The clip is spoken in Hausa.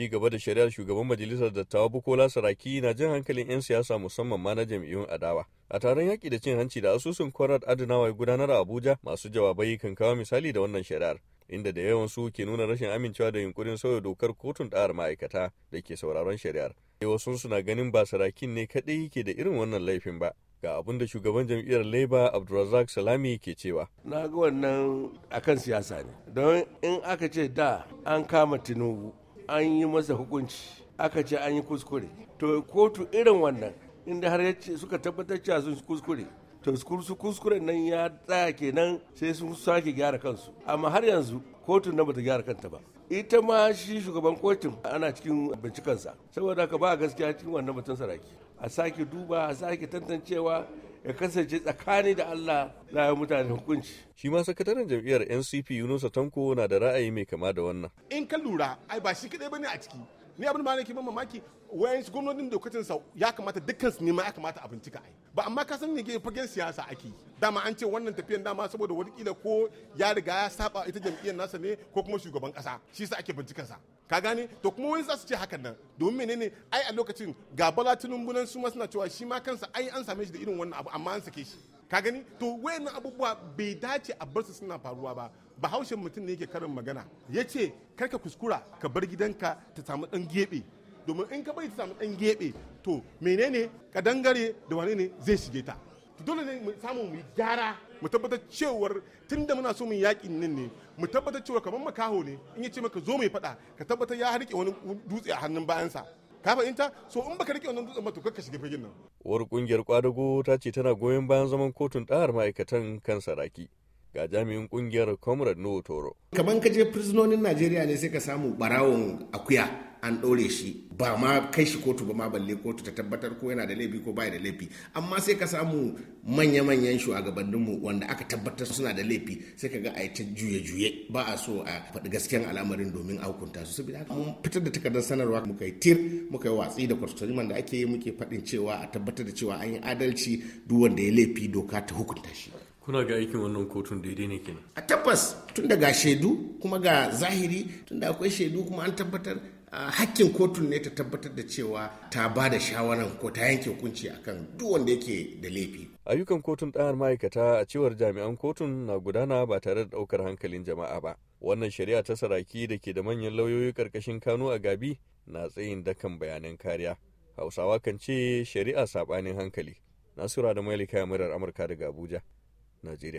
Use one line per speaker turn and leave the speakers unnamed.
ci gaba da shari'ar shugaban majalisar dattawa bukola saraki na jan hankalin 'yan siyasa musamman ma na jam'iyyun adawa a taron yaƙi da cin hanci da asusun kwarar adanawa ya gudanar a abuja masu jawabai kan kawo misali da wannan shari'ar inda da yawan su ke nuna rashin amincewa da yunkurin sauya dokar kotun ɗa'ar ma'aikata da ke sauraron shari'ar wasu suna ganin ba sarakin ne kaɗai ke da irin wannan laifin ba ga abin da shugaban jam'iyyar labour abdulrazak salami ke cewa na ga wannan akan siyasa ne don in aka ce da an kama tinubu an
yi masa hukunci aka ce an yi kuskure to kotu irin wannan inda har suka tabbatar cewa sun kuskure to su kuskure nan ya tsaya kenan sai sun sake gyara kansu amma har yanzu kotun na bata gyara kanta ba ita ma shi shugaban kotun ana cikin bincikansa saboda haka ba gaskiya cikin wannan batun saraki a sake duba a sake
tantancewa ya kasance tsakani da Allah za ya mutane hukunci. Shi ma sakataren jam'iyyar NCP Yunusa Tanko na da ra'ayi mai kama da wannan.
In ka lura, ai ba shi kaɗai bane a ciki. ni abin ma nake ban mamaki wayansu da lokacin sa ya kamata dukkan su nema ya kamata a bincika ai ba amma ka san ne fagen siyasa ake dama an ce wannan tafiyan dama saboda wani kila ko ya riga ya saba ita jam'iyyar nasa ne ko kuma shugaban kasa shi sa ake bincikan sa ka gane to kuma wani za su ce hakan nan domin menene ai a lokacin ga bala tinubu su ma suna cewa shi ma kansa ai an same shi da irin wannan abu amma an sake shi ka gani to wayannan abubuwa bai dace a bar su suna faruwa ba bahaushen mutum ne yake karin magana ya ce karka kuskura ka bar gidanka ta samu dan gebe domin in ka bai ta samu dan gebe to menene kadangare da wane ne zai shige ta dole ne mu samu mu gyara mu tabbatar cewar tun da muna so mu yakin nan ne mu tabbatar cewa kamar makaho ne in ya ce maka zo mai faɗa ka tabbatar ya harke wani dutse a hannun bayansa ka fahimta so in baka rike wannan dutsen ba to kakka shige fagen nan
uwar kungiyar kwadago ta ce tana goyon bayan zaman kotun ɗahar ma'aikatan kan saraki ga jami'in
kungiyar comrade no toro kaman ka je prisonin najeriya ne sai ka samu barawon akuya an ɗore shi ba ma kai shi kotu ba ma balle kotu ta tabbatar ko yana da laifi ko baya da laifi amma sai ka samu manya-manyan shugabanninmu wanda aka tabbatar suna da laifi sai ka ga a ta juye-juye ba a so a faɗi gaskiyan al'amarin domin a hukunta su saboda mun fitar da takardar sanarwa muka yi tir muka yi watsi da kwastoriman da ake yi muke faɗin cewa a tabbatar da cewa an yi adalci duk wanda ya laifi doka ta hukunta shi
kuna ga aikin wannan kotun daidai ne kenan
a tabbas tun daga shaidu kuma ga zahiri tun da akwai shaidu kuma an tabbatar hakkin kotun ne ta tabbatar da cewa ta ba da shawaran ko ta yanke hukunci akan duk wanda yake da laifi. Ayyukan kotun ɗayan ma'aikata a cewar jami'an kotun na gudana ba
tare da ɗaukar hankalin jama'a ba. Wannan shari'a ta saraki da ke da manyan lauyoyi karkashin Kano a Gabi na tsayin dakan bayanan kariya. Hausawa kan ce shari'a saɓanin hankali. Nasura da Mailika Murar Amurka daga Abuja. Najeriya.